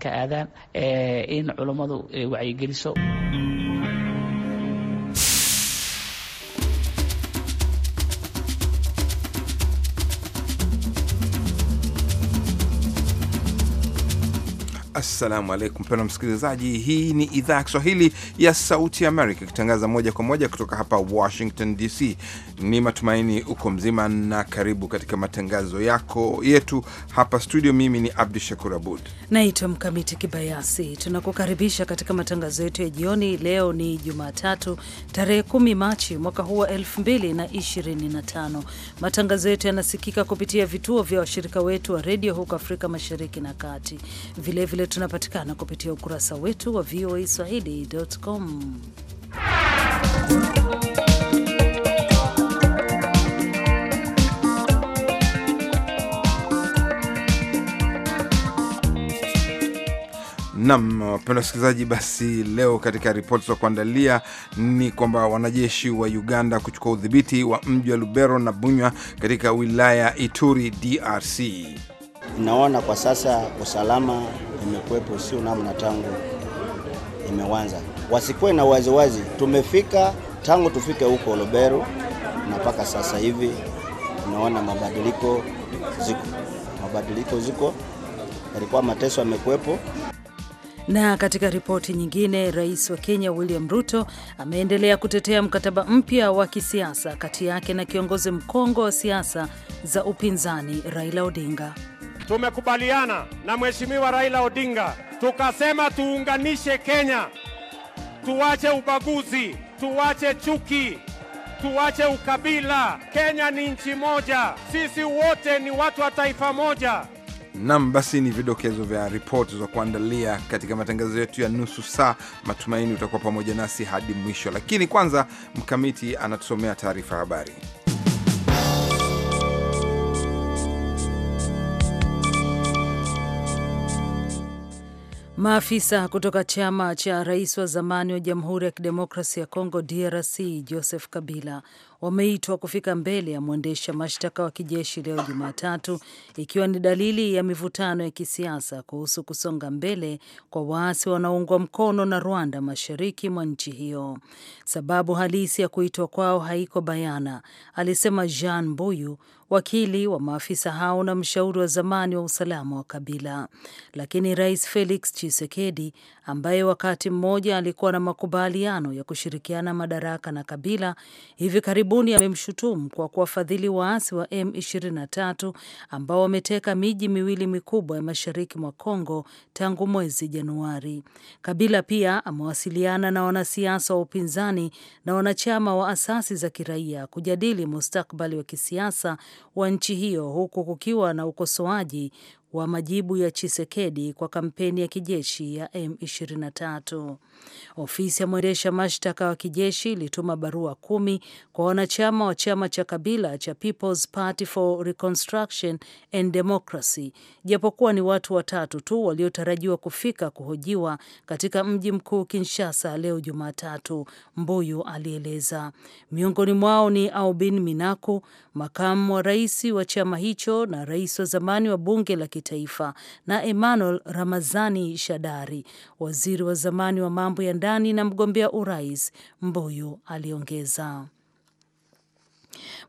ka aadaan eh, in culummadu eh, wacyigeliso Assalamu alaikum mpendwa msikilizaji, hii ni idhaa ya Kiswahili ya Sauti Amerika ikitangaza moja kwa moja kutoka hapa Washington DC. Ni matumaini uko mzima na karibu katika matangazo yako yetu hapa studio. Mimi ni Abdu Shakur Abud naitwa Mkamiti Kibayasi. Tunakukaribisha katika matangazo yetu ya jioni. Leo ni Jumatatu tarehe 10 Machi mwaka huu wa 2025. Matangazo yetu yanasikika kupitia vituo vya washirika wetu wa redio huko Afrika Mashariki na Kati, vilevile tunapatikana kupitia ukurasa wetu wa VOA Swahili.com. Nam, wapenda wasikilizaji, basi leo katika ripoti za kuandalia ni kwamba wanajeshi wa Uganda kuchukua udhibiti wa mji wa Lubero na bunywa katika wilaya Ituri, DRC naona kwa sasa usalama imekuwepo, sio namna tangu imeanza, wasikuwe na waziwazi. Tumefika tangu tufike huko Loberu na mpaka sasa hivi tunaona mabadiliko ziko, mabadiliko ziko, yalikuwa mateso yamekuwepo. Na katika ripoti nyingine, rais wa Kenya William Ruto ameendelea kutetea mkataba mpya wa kisiasa kati yake na kiongozi mkongo wa siasa za upinzani Raila Odinga tumekubaliana na Mheshimiwa Raila Odinga, tukasema tuunganishe Kenya, tuache ubaguzi, tuache chuki, tuache ukabila. Kenya ni nchi moja, sisi wote ni watu wa taifa moja. Nam, basi ni vidokezo vya ripoti za kuandalia katika matangazo yetu ya nusu saa. Matumaini utakuwa pamoja nasi hadi mwisho, lakini kwanza Mkamiti anatusomea taarifa habari. Maafisa kutoka chama cha rais wa zamani wa Jamhuri ya Kidemokrasi ya Kongo DRC Joseph Kabila wameitwa kufika mbele ya mwendesha mashtaka wa kijeshi leo Jumatatu, ikiwa ni dalili ya mivutano ya kisiasa kuhusu kusonga mbele kwa waasi wanaoungwa mkono na Rwanda mashariki mwa nchi hiyo. Sababu halisi ya kuitwa kwao haiko bayana, alisema Jean Mbuyu, wakili wa maafisa hao na mshauri wa zamani wa usalama wa Kabila. Lakini Rais Felix Tshisekedi, ambaye wakati mmoja alikuwa na makubaliano ya kushirikiana madaraka na Kabila, hivi karibu karibuni amemshutumu kwa kuwafadhili waasi wa M23 ambao wameteka miji miwili mikubwa ya mashariki mwa Kongo tangu mwezi Januari. Kabila pia amewasiliana na wanasiasa wa upinzani na wanachama wa asasi za kiraia kujadili mustakbali wa kisiasa wa nchi hiyo huku kukiwa na ukosoaji wa majibu ya Chisekedi kwa kampeni ya kijeshi ya M23. Ofisi ya mwendesha mashtaka wa kijeshi ilituma barua kumi kwa wanachama wa chama cha Kabila cha People's Party for Reconstruction and Democracy, japokuwa ni watu watatu tu waliotarajiwa kufika kuhojiwa katika mji mkuu Kinshasa leo Jumatatu, Mbuyu alieleza. Miongoni mwao ni Aubin Minaku, makamu wa rais wa chama hicho na rais wa zamani wa bunge la kitaifa na Emmanuel Ramazani Shadari, waziri wa zamani wa mambo ya ndani na mgombea urais, Mbuyu aliongeza.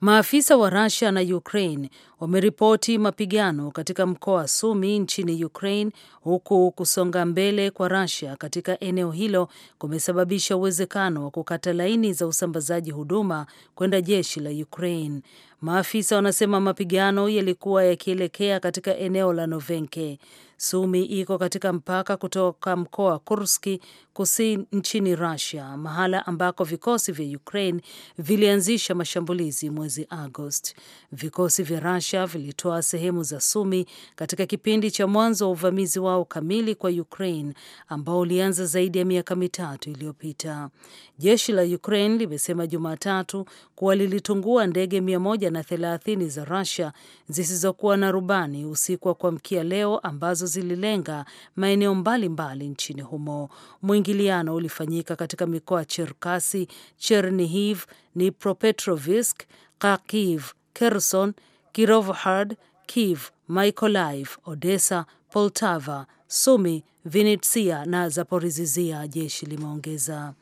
Maafisa wa rasia na Ukraine wameripoti mapigano katika mkoa wa Sumi nchini Ukraine, huku kusonga mbele kwa rasia katika eneo hilo kumesababisha uwezekano wa kukata laini za usambazaji huduma kwenda jeshi la Ukraine. Maafisa wanasema mapigano yalikuwa yakielekea katika eneo la Novenke. Sumi iko katika mpaka kutoka mkoa wa Kurski kusini nchini Russia, mahala ambako vikosi vya Ukraine vilianzisha mashambulizi mwezi Agost. Vikosi vya Russia vilitoa sehemu za Sumi katika kipindi cha mwanzo wa uvamizi wao kamili kwa Ukraine ambao ulianza zaidi ya miaka mitatu iliyopita. Jeshi la Ukraine limesema Jumatatu kuwa lilitungua ndege mia moja na thelathini za Russia zisizokuwa na rubani usiku wa kuamkia leo ambazo zililenga maeneo mbalimbali nchini humo. Mwingiliano ulifanyika katika mikoa ya Cherkasi, Chernihiv, Dnipropetrovsk, Kharkiv, Kherson, Kirovohrad, Kiev, Mykolaiv, Odessa, Poltava, Sumi, Vinitsia na Zaporizhzhia, jeshi limeongeza.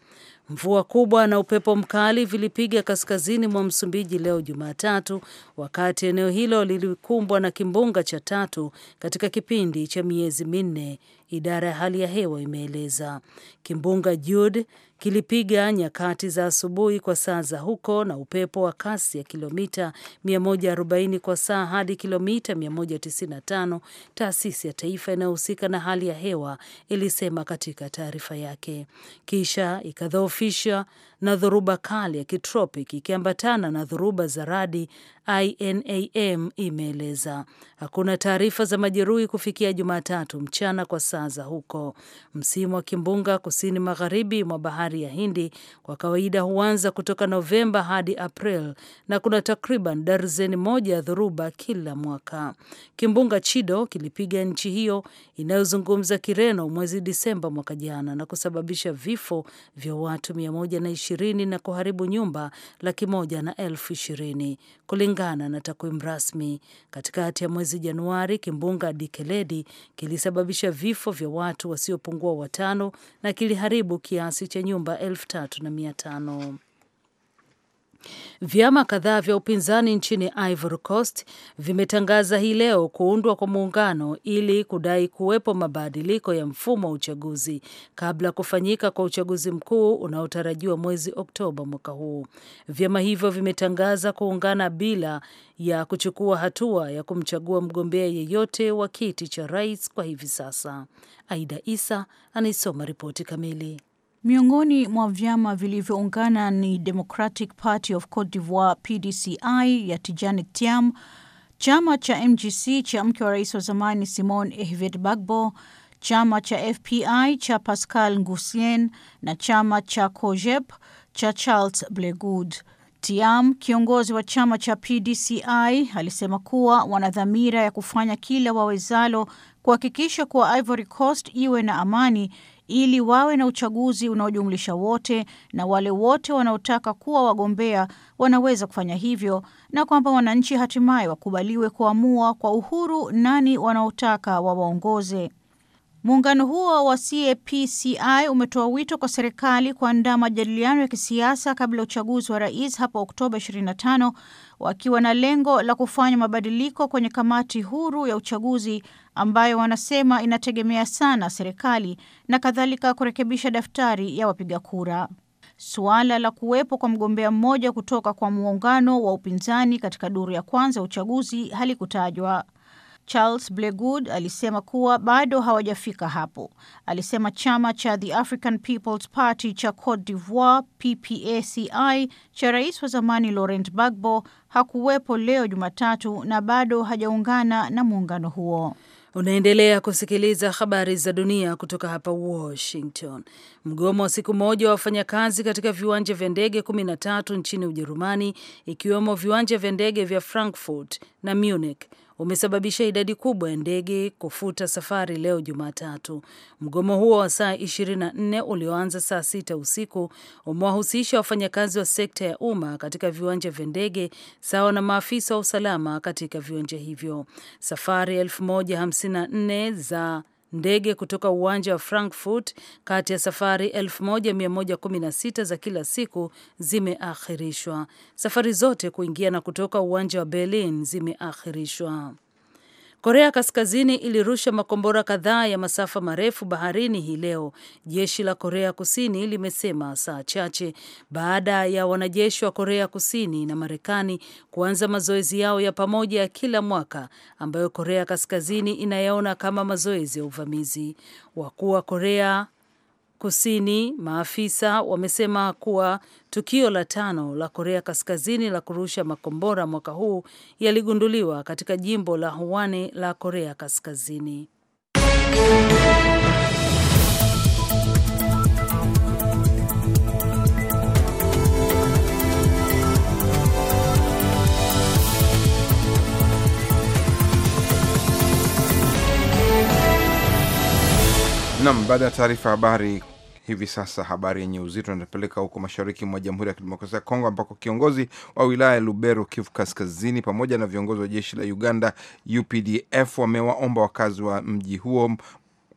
Mvua kubwa na upepo mkali vilipiga kaskazini mwa Msumbiji leo Jumatatu, wakati eneo hilo lilikumbwa na kimbunga cha tatu katika kipindi cha miezi minne, idara ya hali ya hewa imeeleza. Kimbunga Jude kilipiga nyakati za asubuhi kwa saa za huko na upepo wa kasi ya kilomita 140 kwa saa hadi kilomita 195, taasisi ya taifa inayohusika na hali ya hewa ilisema katika taarifa yake, kisha ikadhoofisha na dhoruba kali ya kitropiki ikiambatana na dhoruba za radi, INAM imeeleza. Hakuna taarifa za majeruhi kufikia Jumatatu mchana kwa saa za huko. Msimu wa kimbunga kusini magharibi mwa bahari ya Hindi kwa kawaida huanza kutoka Novemba hadi April na kuna takriban darzeni moja ya dhoruba kila mwaka. Kimbunga Chido kilipiga nchi hiyo inayozungumza Kireno mwezi Disemba mwaka jana na kusababisha vifo vya watu 120 ishirini na kuharibu nyumba laki moja na elfu ishirini kulingana na takwimu rasmi. Katikati ya mwezi Januari, kimbunga Dikeledi kilisababisha vifo vya watu wasiopungua watano na kiliharibu kiasi cha nyumba elfu tatu na mia tano. Vyama kadhaa vya upinzani nchini Ivory Coast vimetangaza hii leo kuundwa kwa muungano ili kudai kuwepo mabadiliko ya mfumo wa uchaguzi kabla kufanyika kwa uchaguzi mkuu unaotarajiwa mwezi Oktoba mwaka huu. Vyama hivyo vimetangaza kuungana bila ya kuchukua hatua ya kumchagua mgombea yeyote wa kiti cha rais kwa hivi sasa. Aida Isa anaisoma ripoti kamili. Miongoni mwa vyama vilivyoungana ni Democratic Party of Cote d'Ivoire PDCI ya Tijani Tiam, chama cha MGC cha mke wa rais wa zamani Simon Ehvet Bagbo, chama cha FPI cha Pascal Ngusien na chama cha COGEP cha Charles Blegood. Tiam, kiongozi wa chama cha PDCI, alisema kuwa wana dhamira ya kufanya kila wawezalo kuhakikisha kuwa Ivory Coast iwe na amani ili wawe na uchaguzi unaojumlisha wote na wale wote wanaotaka kuwa wagombea wanaweza kufanya hivyo, na kwamba wananchi hatimaye wakubaliwe kuamua kwa uhuru nani wanaotaka wawaongoze. Muungano huo wa CAPCI umetoa wito kwa serikali kuandaa majadiliano ya kisiasa kabla ya uchaguzi wa rais hapo Oktoba 25 wakiwa na lengo la kufanya mabadiliko kwenye kamati huru ya uchaguzi ambayo wanasema inategemea sana serikali na kadhalika kurekebisha daftari ya wapiga kura. Suala la kuwepo kwa mgombea mmoja kutoka kwa muungano wa upinzani katika duru ya kwanza ya uchaguzi halikutajwa. Charles Blegood alisema kuwa bado hawajafika hapo. Alisema chama cha The African People's Party cha Cote d'Ivoire PPACI cha rais wa zamani Laurent Gbagbo hakuwepo leo Jumatatu na bado hajaungana na muungano huo. Unaendelea kusikiliza habari za dunia kutoka hapa Washington. Mgomo wa siku moja wa wafanyakazi katika viwanja vya ndege 13 nchini Ujerumani, ikiwemo viwanja vya ndege vya Frankfurt na Munich umesababisha idadi kubwa ya ndege kufuta safari leo Jumatatu. Mgomo huo wa saa 24 ulioanza saa sita usiku umewahusisha wafanyakazi wa sekta ya umma katika viwanja vya ndege sawa na maafisa wa usalama katika viwanja hivyo. Safari 1054 za ndege kutoka uwanja wa Frankfurt. Kati ya safari 1116 za kila siku zimeakhirishwa. Safari zote kuingia na kutoka uwanja wa Berlin zimeakhirishwa. Korea Kaskazini ilirusha makombora kadhaa ya masafa marefu baharini hii leo, jeshi la Korea Kusini limesema saa chache baada ya wanajeshi wa Korea Kusini na Marekani kuanza mazoezi yao ya pamoja ya kila mwaka ambayo Korea Kaskazini inayaona kama mazoezi ya uvamizi. Wakuu wa Korea Kusini, maafisa wamesema kuwa tukio la tano la Korea Kaskazini la kurusha makombora mwaka huu yaligunduliwa katika jimbo la Hwani la Korea Kaskazini. Nam, baada ya taarifa ya habari hivi sasa, habari yenye uzito inapeleka huko mashariki mwa Jamhuri ya Kidemokrasia ya Kongo, ambako kiongozi wa wilaya ya Lubero, Kivu Kaskazini, pamoja na viongozi wa jeshi la Uganda UPDF wamewaomba wakazi wa mji huo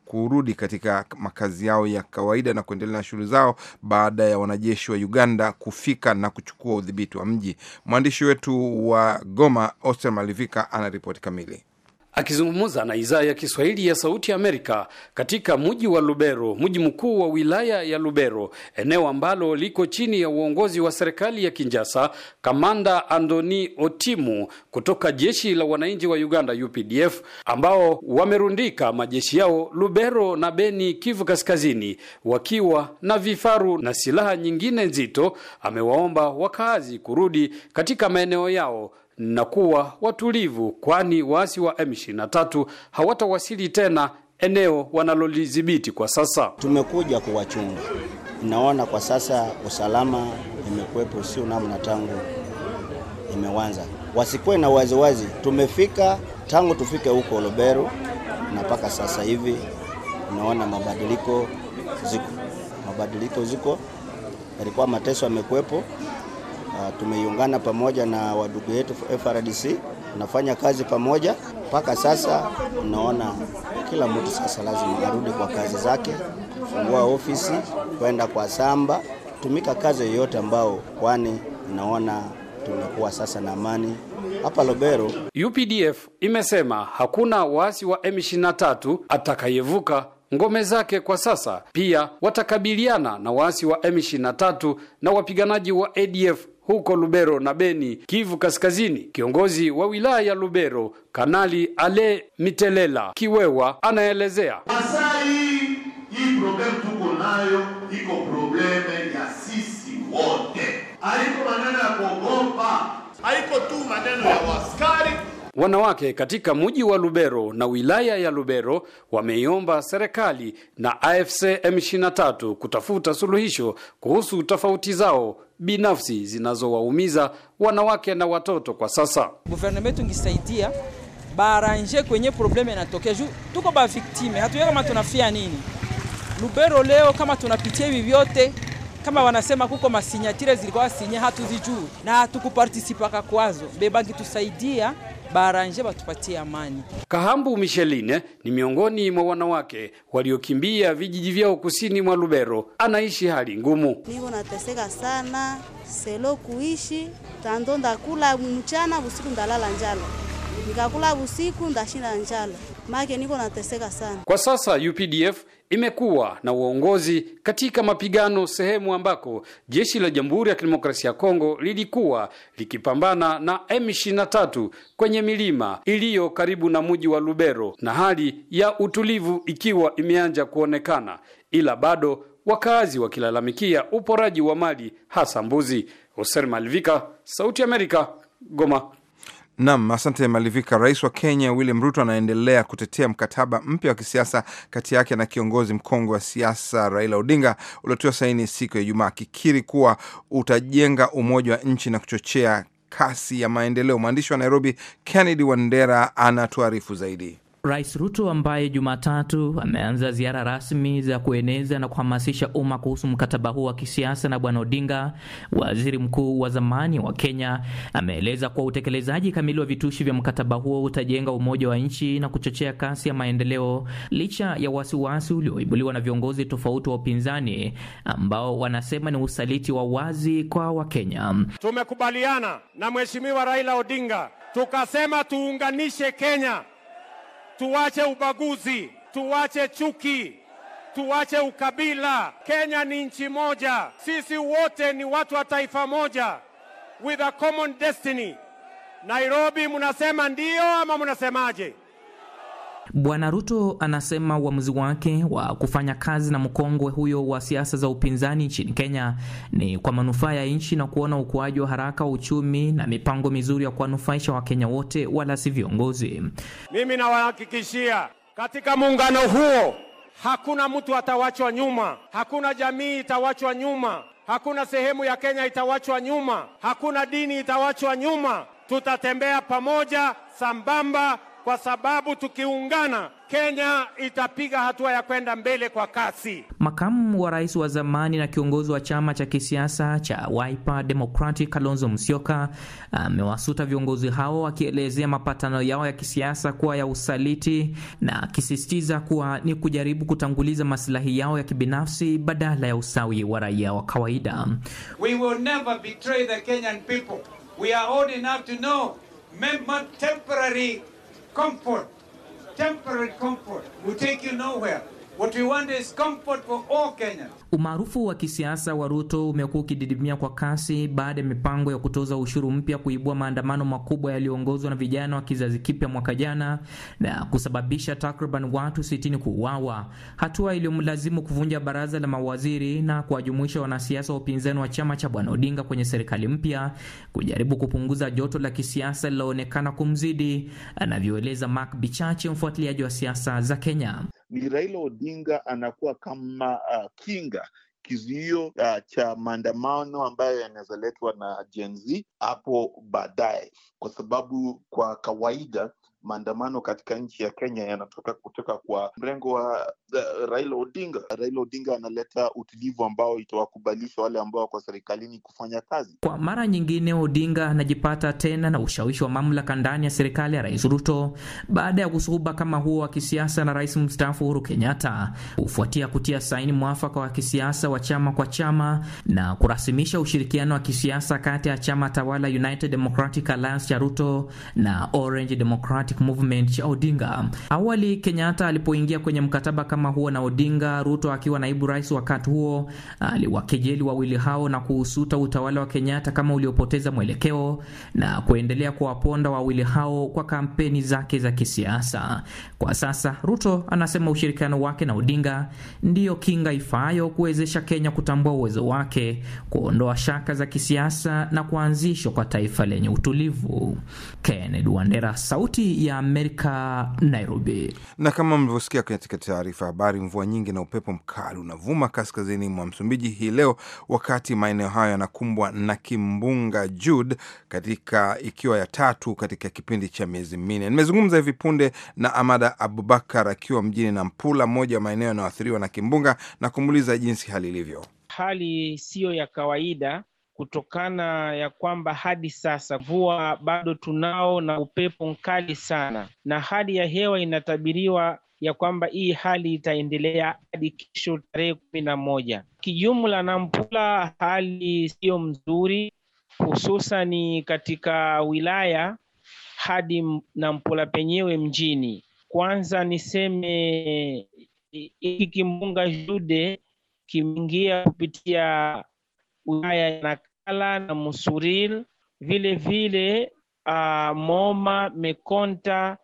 kurudi katika makazi yao ya kawaida na kuendelea na shughuli zao baada ya wanajeshi wa Uganda kufika na kuchukua udhibiti wa mji. Mwandishi wetu wa Goma, Oster Malivika, ana ripoti kamili. Akizungumza na idhaa ya Kiswahili ya Sauti ya Amerika katika mji wa Lubero, mji mkuu wa wilaya ya Lubero, eneo ambalo liko chini ya uongozi wa serikali ya Kinjasa, Kamanda Andoni Otimu kutoka jeshi la wananchi wa Uganda UPDF, ambao wamerundika majeshi yao Lubero na Beni, Kivu Kaskazini, wakiwa na vifaru na silaha nyingine nzito, amewaomba wakaazi kurudi katika maeneo yao na kuwa watulivu, kwani waasi wa M23 hawatawasili tena eneo wanalolidhibiti kwa sasa. Tumekuja kuwachunga, naona kwa sasa usalama imekuwepo, sio namna tangu imeanza, wasikuwe na waziwazi. Tumefika tangu tufike huko Loberu na mpaka sasa hivi naona mabadiliko ziko, mabadiliko ziko, yalikuwa mateso yamekuwepo Ah, tumeiungana pamoja na wadugu wetu FRDC, tunafanya kazi pamoja mpaka sasa. Unaona, kila mtu sasa lazima arudi kwa kazi zake, fungua ofisi, kwenda kwa samba, tumika kazi yoyote ambao, kwani unaona tumekuwa sasa na amani hapa Lobero. UPDF imesema hakuna waasi wa M23 atakayevuka ngome zake kwa sasa. Pia watakabiliana na waasi wa M23 na wapiganaji wa ADF huko Lubero na Beni, Kivu Kaskazini. Kiongozi wa wilaya ya Lubero, Kanali Ale Mitelela Kiwewa, anaelezea Masai, hii problemu tuko nayo iko probleme ya sisi wote, haiko maneno ya kuogopa, haiko tu maneno ya waskari Wanawake katika mji wa Lubero na wilaya ya Lubero wameiomba serikali na AFC M23 kutafuta suluhisho kuhusu tofauti zao binafsi zinazowaumiza wanawake na watoto kwa sasa. Guverneme tungisaidia baranje kwenye probleme inatokea juu tuko baviktime, hatujue kama tunafia nini. Lubero leo kama tunapitia hivi vyote kama wanasema kuko masinyatire zilikuwa sinya hatuzijuu na hatukupartisipaka kwazo, bebangi tusaidia baranje batupatie amani. Kahambu Micheline ni miongoni mwa wanawake waliokimbia vijiji vyao kusini mwa Lubero, anaishi hali ngumu. Niko nateseka sana, selo kuishi tando, ndakula mchana, usiku ndalala njala, nikakula usiku ndashinda njala maana niko nateseka sana kwa sasa. UPDF imekuwa na uongozi katika mapigano sehemu ambako jeshi la Jamhuri ya Kidemokrasia ya Kongo lilikuwa likipambana na M23 kwenye milima iliyo karibu na mji wa Lubero, na hali ya utulivu ikiwa imeanza kuonekana, ila bado wakaazi wakilalamikia uporaji wa mali hasa mbuzi. Hoser Malvika, Sauti Amerika, Goma. Nam, asante Malivika. Rais wa Kenya William Ruto anaendelea kutetea mkataba mpya wa kisiasa kati yake na kiongozi mkongwe wa siasa Raila Odinga uliotiwa saini siku ya Ijumaa, akikiri kuwa utajenga umoja wa nchi na kuchochea kasi ya maendeleo. Mwandishi wa Nairobi Kennedy Wandera anatuarifu zaidi. Rais Ruto ambaye Jumatatu ameanza ziara rasmi za kueneza na kuhamasisha umma kuhusu mkataba huu wa kisiasa na Bwana Odinga, waziri mkuu wa zamani wa Kenya, ameeleza kuwa utekelezaji kamili wa vitushi vya mkataba huo utajenga umoja wa nchi na kuchochea kasi ya maendeleo, licha ya wasiwasi ulioibuliwa na viongozi tofauti wa upinzani ambao wanasema ni usaliti wa wazi kwa Wakenya. Tumekubaliana na Mheshimiwa Raila Odinga, tukasema tuunganishe Kenya Tuache ubaguzi, tuache chuki, tuache ukabila. Kenya ni nchi moja, sisi wote ni watu wa taifa moja, with a common destiny. Nairobi mnasema ndio ama mnasemaje? Bwana Ruto anasema uamuzi wake wa kufanya kazi na mkongwe huyo wa siasa za upinzani nchini Kenya ni kwa manufaa ya nchi na kuona ukuaji wa haraka wa uchumi na mipango mizuri ya kuwanufaisha Wakenya wote, wala si viongozi. Mimi nawahakikishia katika muungano huo hakuna mtu atawachwa nyuma, hakuna jamii itawachwa nyuma, hakuna sehemu ya Kenya itawachwa nyuma, hakuna dini itawachwa nyuma. Tutatembea pamoja sambamba kwa sababu tukiungana Kenya itapiga hatua ya kwenda mbele kwa kasi. Makamu wa rais wa zamani na kiongozi wa chama cha kisiasa cha Wiper Democratic Kalonzo Musyoka amewasuta viongozi hao akielezea mapatano yao ya kisiasa kuwa ya usaliti na akisisitiza kuwa ni kujaribu kutanguliza masilahi yao ya kibinafsi badala ya usawi wa raia wa kawaida. We will never betray the Kenyan people. We are old enough to know temporary comfort, temporary comfort, will take you nowhere. What we want is comfort for all Kenyans. Umaarufu wa kisiasa wa Ruto umekuwa ukididimia kwa kasi baada ya mipango ya kutoza ushuru mpya kuibua maandamano makubwa yaliyoongozwa na vijana wa kizazi kipya mwaka jana na kusababisha takriban watu 60 kuuawa, hatua iliyomlazimu kuvunja baraza la mawaziri na kuwajumuisha wanasiasa wa upinzani wa chama cha Bwana Odinga kwenye serikali mpya, kujaribu kupunguza joto la kisiasa lililoonekana kumzidi, anavyoeleza Mark Bichache, mfuatiliaji wa siasa za Kenya. Ni Raila Odinga anakuwa kama uh, kinga kizio uh, cha maandamano ambayo yanawezaletwa na jenzi hapo baadaye, kwa sababu kwa kawaida maandamano katika nchi ya Kenya yanatoka kutoka kwa mrengo wa uh, Raila Odinga. Raila Odinga analeta utulivu ambao itawakubalisha wale ambao wako serikalini kufanya kazi. Kwa mara nyingine, Odinga anajipata tena na ushawishi wa mamlaka ndani ya serikali ya Rais Ruto baada ya kusuhuba kama huo wa kisiasa na rais mstaafu Uhuru Kenyatta, kufuatia kutia saini mwafaka wa kisiasa wa chama kwa chama na kurasimisha ushirikiano wa kisiasa kati ya chama tawala United Democratic Alliance cha Ruto na Orange Democratic Democratic Movement cha Odinga. Awali Kenyatta alipoingia kwenye mkataba kama huo na Odinga, Ruto akiwa naibu rais wakati huo, aliwakejeli wawili hao na kuhusuta utawala wa Kenyatta kama uliopoteza mwelekeo na kuendelea kuwaponda wawili hao kwa kampeni zake za kisiasa. Kwa sasa Ruto anasema ushirikiano wake na Odinga ndiyo kinga ifaayo kuwezesha Kenya kutambua uwezo wake, kuondoa shaka za kisiasa na kuanzishwa kwa taifa lenye utulivu. Kennedy Wandera, Sauti ya Amerika, Nairobi. Na kama mlivyosikia katika taarifa habari, mvua nyingi na upepo mkali unavuma kaskazini mwa Msumbiji hii leo, wakati maeneo hayo yanakumbwa na kimbunga Jude katika ikiwa ya tatu katika kipindi cha miezi minne. Nimezungumza hivi punde na Amada Abubakar akiwa mjini Nampula, moja ya maeneo yanayoathiriwa na kimbunga, na kumuuliza jinsi hali ilivyo. Hali siyo ya kawaida kutokana ya kwamba hadi sasa mvua bado tunao na upepo mkali sana, na hali ya hewa inatabiriwa ya kwamba hii hali itaendelea hadi kesho tarehe kumi na moja. Kijumla Nampula hali siyo mzuri, hususani katika wilaya hadi Nampula penyewe mjini. Kwanza niseme hiki kimbunga Jude kimeingia kupitia wilaya Kala na Musuril, vile vile uh, Moma, Mekonta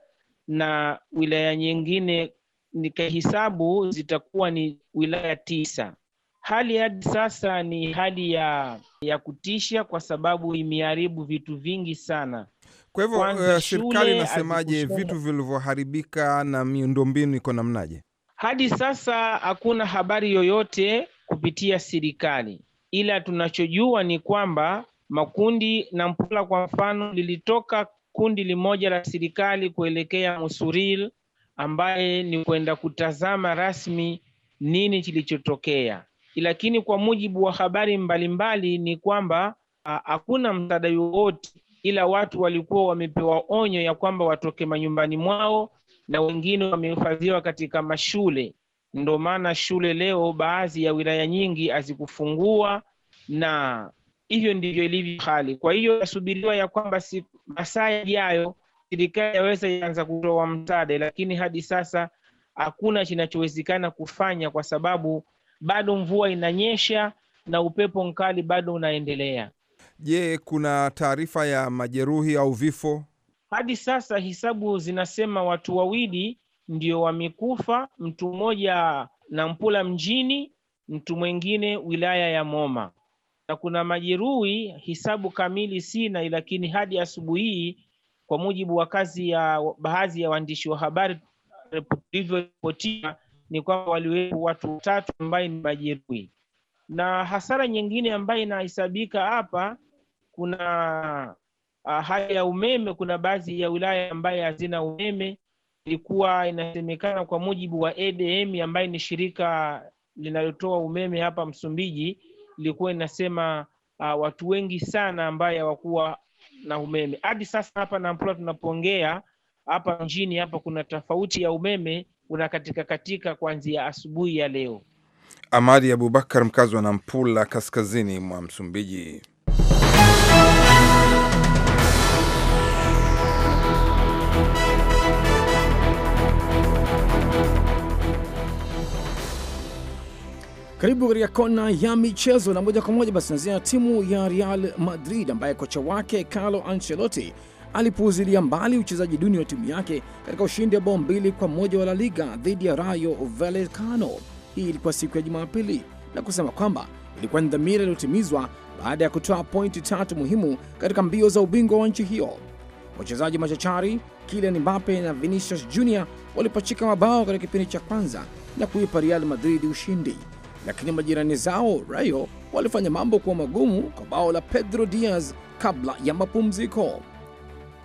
na wilaya nyingine nikahesabu zitakuwa ni wilaya tisa. Hali hadi sasa ni hali ya, ya kutisha kwa sababu imeharibu vitu vingi sana. Kwa hivyo uh, serikali inasemaje vitu vilivyoharibika na miundombinu iko namnaje? Hadi sasa hakuna habari yoyote kupitia serikali ila tunachojua ni kwamba makundi na Mpula kwa mfano lilitoka kundi limoja la serikali kuelekea Musuril, ambaye ni kwenda kutazama rasmi nini kilichotokea, lakini kwa mujibu wa habari mbalimbali ni kwamba hakuna msaada wowote, ila watu walikuwa wamepewa onyo ya kwamba watoke manyumbani mwao na wengine wamehifadhiwa katika mashule Ndo maana shule leo baadhi ya wilaya nyingi hazikufungua, na hivyo ndivyo ilivyo hali. Kwa hiyo yasubiriwa ya kwamba si masaa yajayo serikali yaweza ianza kutoa msaada, lakini hadi sasa hakuna kinachowezekana kufanya kwa sababu bado mvua inanyesha na upepo mkali bado unaendelea. Je, kuna taarifa ya majeruhi au vifo? Hadi sasa hisabu zinasema watu wawili ndio wamekufa mtu mmoja Nampula mjini, mtu mwingine wilaya ya Moma, na kuna majeruhi hisabu kamili sina, lakini hadi asubuhi hii kwa mujibu wa kazi ya baadhi ya waandishi wa habari tulivyoripotia ni kwamba waliwepo watu watatu ambaye ni majeruhi, na hasara nyingine ambayo inahesabika hapa kuna ah, hali ya umeme. Kuna baadhi ya wilaya ambaye hazina umeme ilikuwa inasemekana kwa mujibu wa ADM ambaye ni shirika linalotoa umeme hapa Msumbiji, ilikuwa inasema uh, watu wengi sana ambaye hawakuwa na umeme hadi sasa. Hapa Nampula tunapoongea hapa mjini hapa kuna tofauti ya umeme unakatika katika kuanzia asubuhi ya leo. Amadi Abubakar, mkazi wa Nampula, kaskazini mwa Msumbiji. Karibu katika kona ya michezo na moja kwa moja basi, nazia timu ya Real Madrid ambaye kocha wake Carlo Ancelotti alipuuzilia mbali uchezaji duni wa timu yake katika ushindi wa bao mbili kwa moja wa La Liga dhidi ya Rayo Vallecano. Hii ilikuwa siku ya Jumapili na kusema kwamba ilikuwa ni dhamira iliyotimizwa baada ya kutoa pointi tatu muhimu katika mbio za ubingwa wa nchi hiyo. Wachezaji machachari Kylian Mbappe na Vinicius Junior walipachika mabao katika kipindi cha kwanza na kuipa Real Madrid ushindi lakini majirani zao Rayo walifanya mambo kuwa magumu kwa bao la Pedro Diaz kabla ya mapumziko.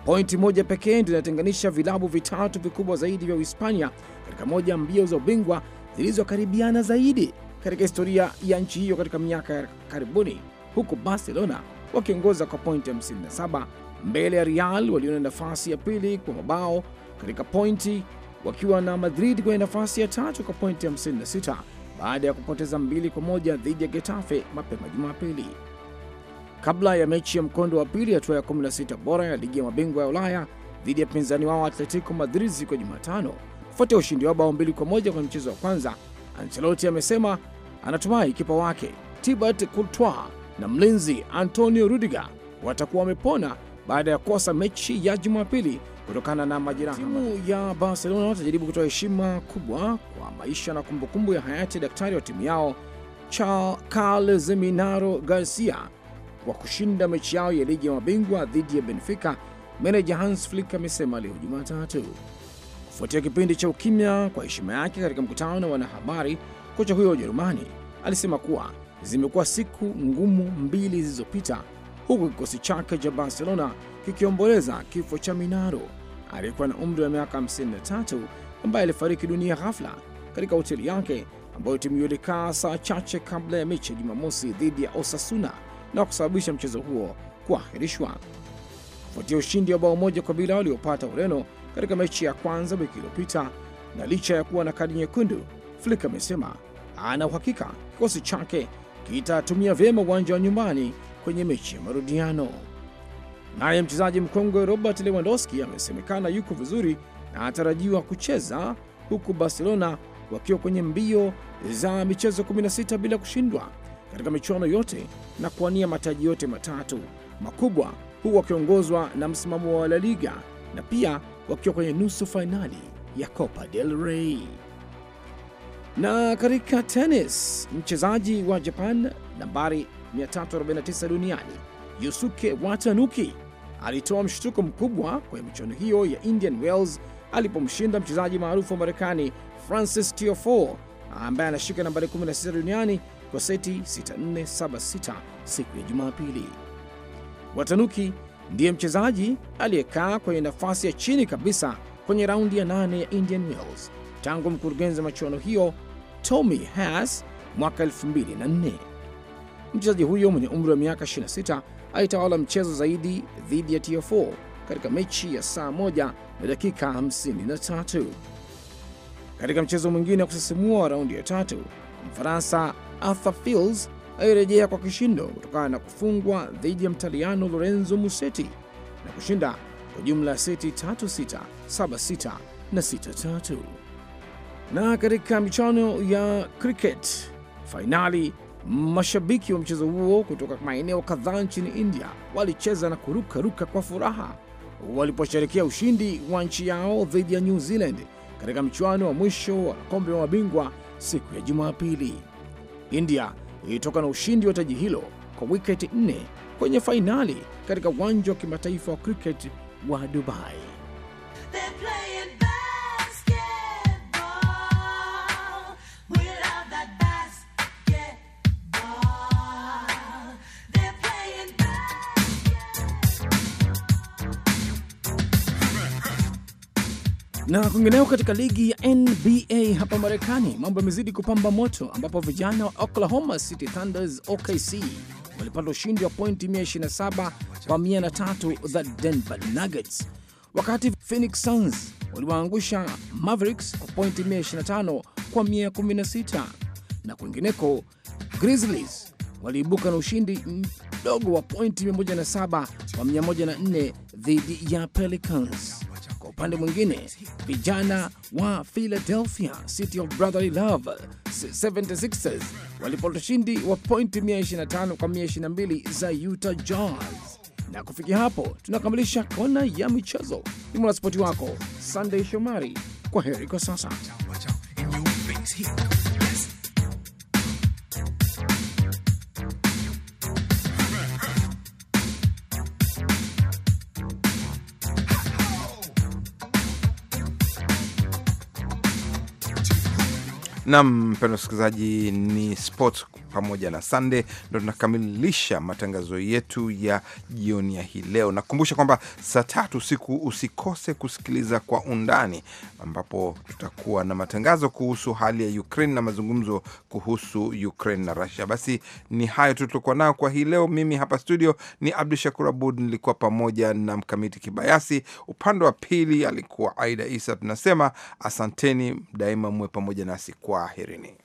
Pointi moja pekee ndio inatenganisha vilabu vitatu vikubwa zaidi vya Uhispania katika moja ya mbio za ubingwa zilizokaribiana zaidi katika historia ya nchi hiyo katika miaka ya karibuni, huku Barcelona wakiongoza kwa pointi 57 mbele ya Real waliona nafasi ya pili kwa mabao katika pointi, wakiwa na Madrid kwenye nafasi ya tatu kwa pointi 56 baada ya kupoteza mbili kwa moja dhidi ya Getafe mapema Jumapili. Kabla ya mechi ya mkondo wa pili hatua ya 16 bora ya ligi ya mabingwa ya Ulaya dhidi ya pinzani wao Atletico Madrid siku ya Jumatano, kufuatia ushindi wao bao mbili kwa moja kwenye mchezo wa kwanza, Ancelotti amesema anatumai kipa wake Thibaut Courtois na mlinzi Antonio Rudiger watakuwa wamepona baada ya kosa mechi ya Jumapili kutokana na majeraha. Timu ya Barcelona watajaribu kutoa heshima kubwa kwa maisha na kumbukumbu ya hayati daktari wa timu yao Carl Zeminaro Garcia kwa kushinda mechi yao ya ligi ya mabingwa dhidi ya Benfica. Meneja Hans Flick amesema leo Jumatatu kufuatia kipindi cha ukimya kwa heshima yake katika mkutano na wanahabari. Kocha huyo wa Ujerumani alisema kuwa zimekuwa siku ngumu mbili zilizopita huku kikosi chake cha Barcelona kikiomboleza kifo cha Minaro aliyekuwa na umri wa miaka 53 ambaye alifariki dunia ghafla katika hoteli yake ambayo timu ilikaa saa chache kabla ya mechi ya Jumamosi dhidi ya Osasuna na kusababisha mchezo huo kuahirishwa kufuatia ushindi wa bao moja kwa bila waliopata Ureno katika mechi ya kwanza wiki iliyopita. Na licha ya kuwa na kadi nyekundu, Flick amesema ana uhakika kikosi chake kitatumia vyema uwanja wa nyumbani kwenye mechi ya marudiano. Naye mchezaji mkongwe Robert Lewandowski amesemekana yuko vizuri na atarajiwa kucheza huku Barcelona wakiwa kwenye mbio za michezo 16 bila kushindwa katika michuano yote na kuwania mataji yote matatu makubwa, huku wakiongozwa na msimamo wa La Liga na pia wakiwa kwenye nusu fainali ya Copa del Rey. Na katika tennis, mchezaji wa Japan nambari 349 duniani Yusuke Watanuki alitoa mshtuko mkubwa kwenye michuano hiyo ya Indian Wells alipomshinda mchezaji maarufu wa Marekani Francis Tiafoe ambaye anashika nambari 16 duniani kwa seti 6476 siku ya Jumapili. Watanuki ndiye mchezaji aliyekaa kwenye nafasi ya chini kabisa kwenye raundi ya nane ya Indian Wells tangu mkurugenzi wa michuano hiyo Tommy Haas mwaka 2004. Mchezaji huyo mwenye umri wa miaka 26 alitawala mchezo zaidi dhidi ya t4 katika mechi ya saa moja na dakika 53. Katika mchezo mwingine wa kusisimua wa raundi ya tatu, Mfaransa Arthur Fields alirejea kwa kishindo kutokana na kufungwa dhidi ya Mtaliano Lorenzo Musetti na kushinda kwa jumla ya seti 3-6, 7-6 na 6-3. Na katika michano ya cricket fainali Mashabiki wa mchezo huo kutoka maeneo kadhaa nchini India walicheza na kurukaruka kwa furaha waliposherekea ushindi wa nchi yao dhidi ya New Zealand katika mchuano wa mwisho wa kombe wa mabingwa siku ya Jumapili. India ilitoka na ushindi wa taji hilo kwa wiketi nne kwenye fainali katika uwanja wa kimataifa wa kriket wa Dubai. Na kwingineo katika ligi ya NBA hapa Marekani, mambo yamezidi kupamba moto, ambapo vijana wa Oklahoma City Thunders OKC walipata ushindi wa pointi 127 kwa 103 za Denver Nuggets, wakati Phoenix Suns waliwaangusha Mavericks kwa pointi 125 kwa 116. Na kwingineko, Grizzlies waliibuka na ushindi mdogo wa pointi 107 kwa 104 dhidi ya Pelicans. Kwa upande mwingine, vijana wa Philadelphia City of Brotherly Love 76ers walipata ushindi wa pointi 125 kwa 122 za Utah Jazz. Na kufikia hapo tunakamilisha kona ya michezo. Ni mwanaspoti wako Sunday Shomari. Kwa heri kwa sasa. Nam mpendo msikilizaji, ni sport pamoja na Sunday ndo tunakamilisha matangazo yetu ya jioni ya hii leo. Nakumbusha kwamba saa tatu usiku usikose kusikiliza Kwa Undani, ambapo tutakuwa na matangazo kuhusu hali ya Ukraine na mazungumzo kuhusu Ukraine na Russia. Basi ni hayo tu tuliokuwa nayo kwa hii leo. Mimi hapa studio ni Abdu Shakur Abud, nilikuwa pamoja na Mkamiti Kibayasi, upande wa pili alikuwa Aida Isa. Tunasema asanteni daima, muwe pamoja nasi kwa akhir ini.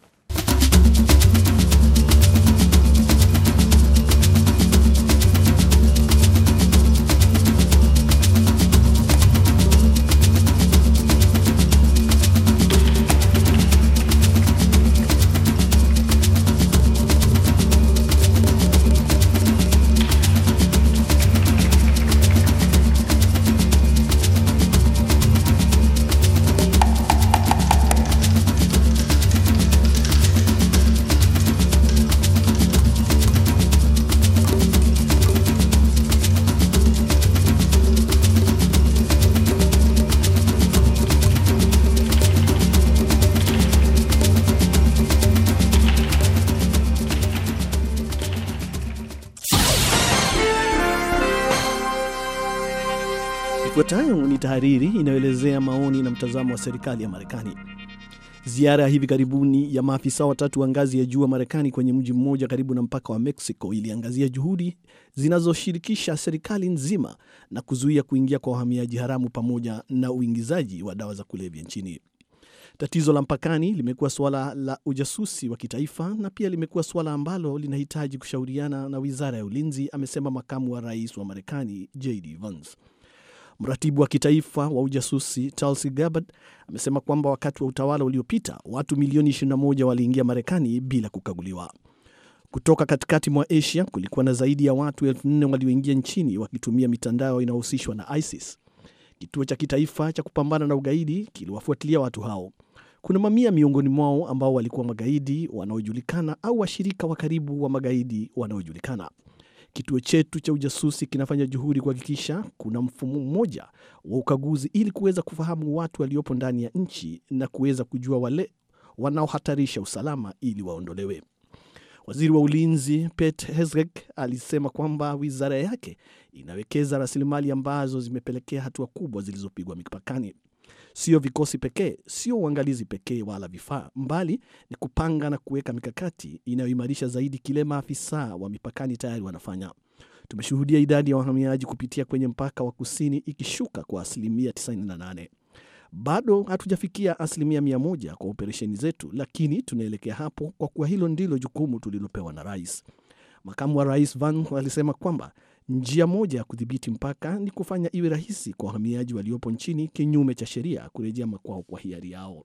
mtazamo wa serikali ya Marekani. Ziara ya hivi karibuni ya maafisa watatu wa ngazi ya juu wa Marekani kwenye mji mmoja karibu na mpaka wa Mexico iliangazia juhudi zinazoshirikisha serikali nzima na kuzuia kuingia kwa wahamiaji haramu pamoja na uingizaji wa dawa za kulevya nchini. Tatizo la mpakani limekuwa suala la ujasusi wa kitaifa na pia limekuwa suala ambalo linahitaji kushauriana na wizara ya ulinzi, amesema makamu wa rais wa Marekani JD Vance. Mratibu wa kitaifa wa ujasusi Tulsi Gabbard amesema kwamba wakati wa utawala uliopita watu milioni 21 waliingia Marekani bila kukaguliwa. Kutoka katikati mwa Asia kulikuwa na zaidi ya watu elfu nne walioingia nchini wakitumia mitandao inayohusishwa na ISIS. Kituo cha kitaifa cha kupambana na ugaidi kiliwafuatilia watu hao. Kuna mamia miongoni mwao ambao walikuwa magaidi wanaojulikana au washirika wa karibu wa magaidi wanaojulikana. Kituo chetu cha ujasusi kinafanya juhudi kuhakikisha kuna mfumo mmoja wa ukaguzi ili kuweza kufahamu watu waliopo ndani ya nchi na kuweza kujua wale wanaohatarisha usalama ili waondolewe. Waziri wa ulinzi Pete Hegseth alisema kwamba wizara yake inawekeza rasilimali ambazo zimepelekea hatua kubwa zilizopigwa mipakani. Sio vikosi pekee, sio uangalizi pekee wala vifaa, mbali ni kupanga na kuweka mikakati inayoimarisha zaidi kile maafisa wa mipakani tayari wanafanya. Tumeshuhudia idadi ya wahamiaji kupitia kwenye mpaka wa kusini ikishuka kwa asilimia 98. Bado hatujafikia asilimia mia moja kwa operesheni zetu, lakini tunaelekea hapo kwa kuwa hilo ndilo jukumu tulilopewa na rais. Makamu wa rais Van alisema kwamba Njia moja ya kudhibiti mpaka ni kufanya iwe rahisi kwa wahamiaji waliopo nchini kinyume cha sheria kurejea makwao kwa hiari yao.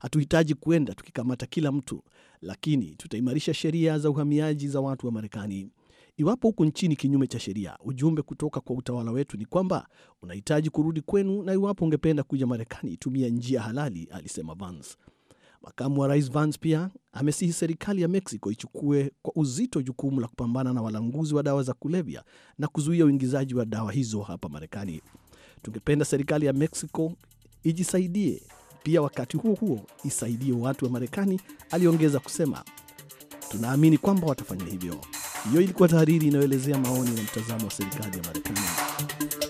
Hatuhitaji kuenda tukikamata kila mtu, lakini tutaimarisha sheria za uhamiaji za watu wa Marekani. Iwapo huko nchini kinyume cha sheria, ujumbe kutoka kwa utawala wetu ni kwamba unahitaji kurudi kwenu, na iwapo ungependa kuja Marekani, tumia njia halali, alisema Vance. Makamu wa rais Vance pia amesihi serikali ya Mexico ichukue kwa uzito jukumu la kupambana na walanguzi wa dawa za kulevya na kuzuia uingizaji wa dawa hizo hapa Marekani. Tungependa serikali ya Mexico ijisaidie pia, wakati huo huo isaidie watu wa Marekani, aliongeza kusema. Tunaamini kwamba watafanya hivyo. Hiyo ilikuwa tahariri inayoelezea maoni na mtazamo wa serikali ya Marekani.